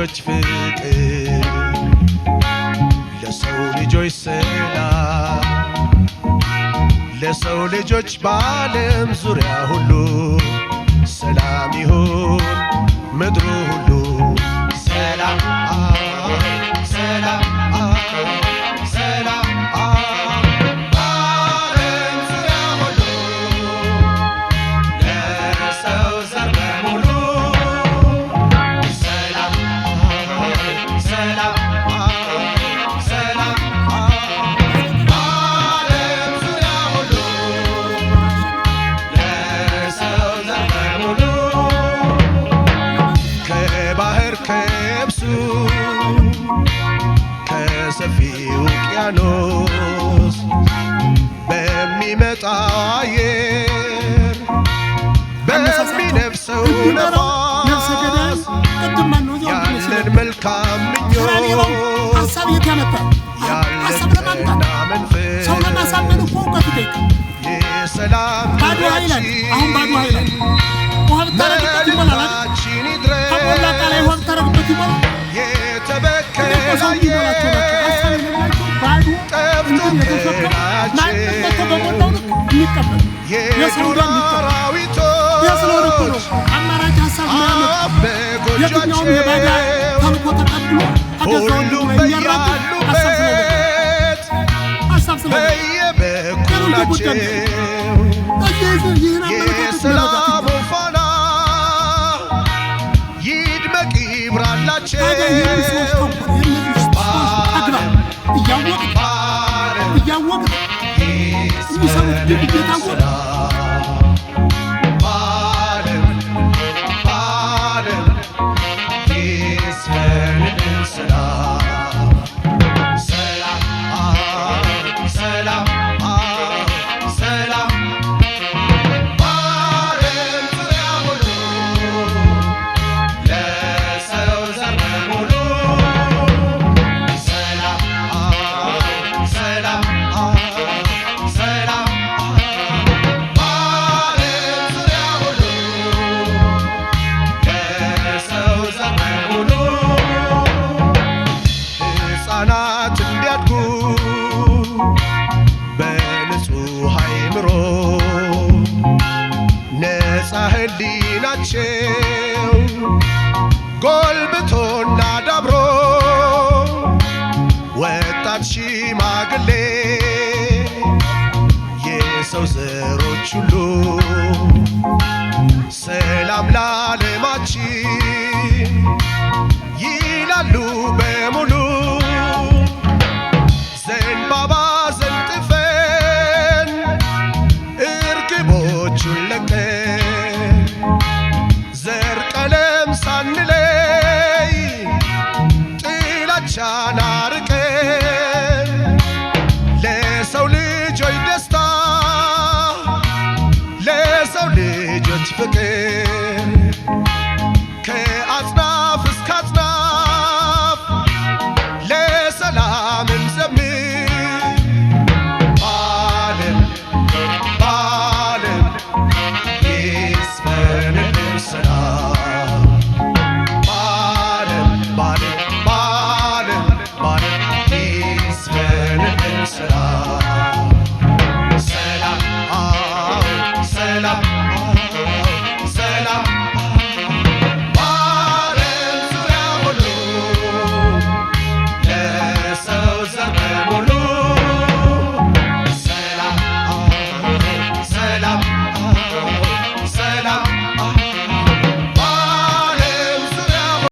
ልጆች ፍቅር ለሰው ልጆች ሰላም ለሰው ልጆች በዓለም ዙሪያ ሁሉ ሰላም ይሁን ምድሩ ሰፊ ውቅያኖስ በሚመጣ አየር በሚነፍሰው ነፋስ ያለን መልካም ምኞት ያለን መንፈስ የሰላም መልካችን ይድረስ የተበከለ ናቸው በሞላው ልክ የሚቀበል የሰውዳ ስለሆነ ይድመቅ ይብራላቸው የታወቀ የሚሰሩት ድርጊት የታወቀ Yeah. ንጹሕ አይምሮ ነፃ ህሊናቸው ጎልብቶና ዳብሮ ወጣት ሽማግሌ የሰው ዘሮች ሁሉ ሰላም ላለማችን ይላሉ በሙሉ forget.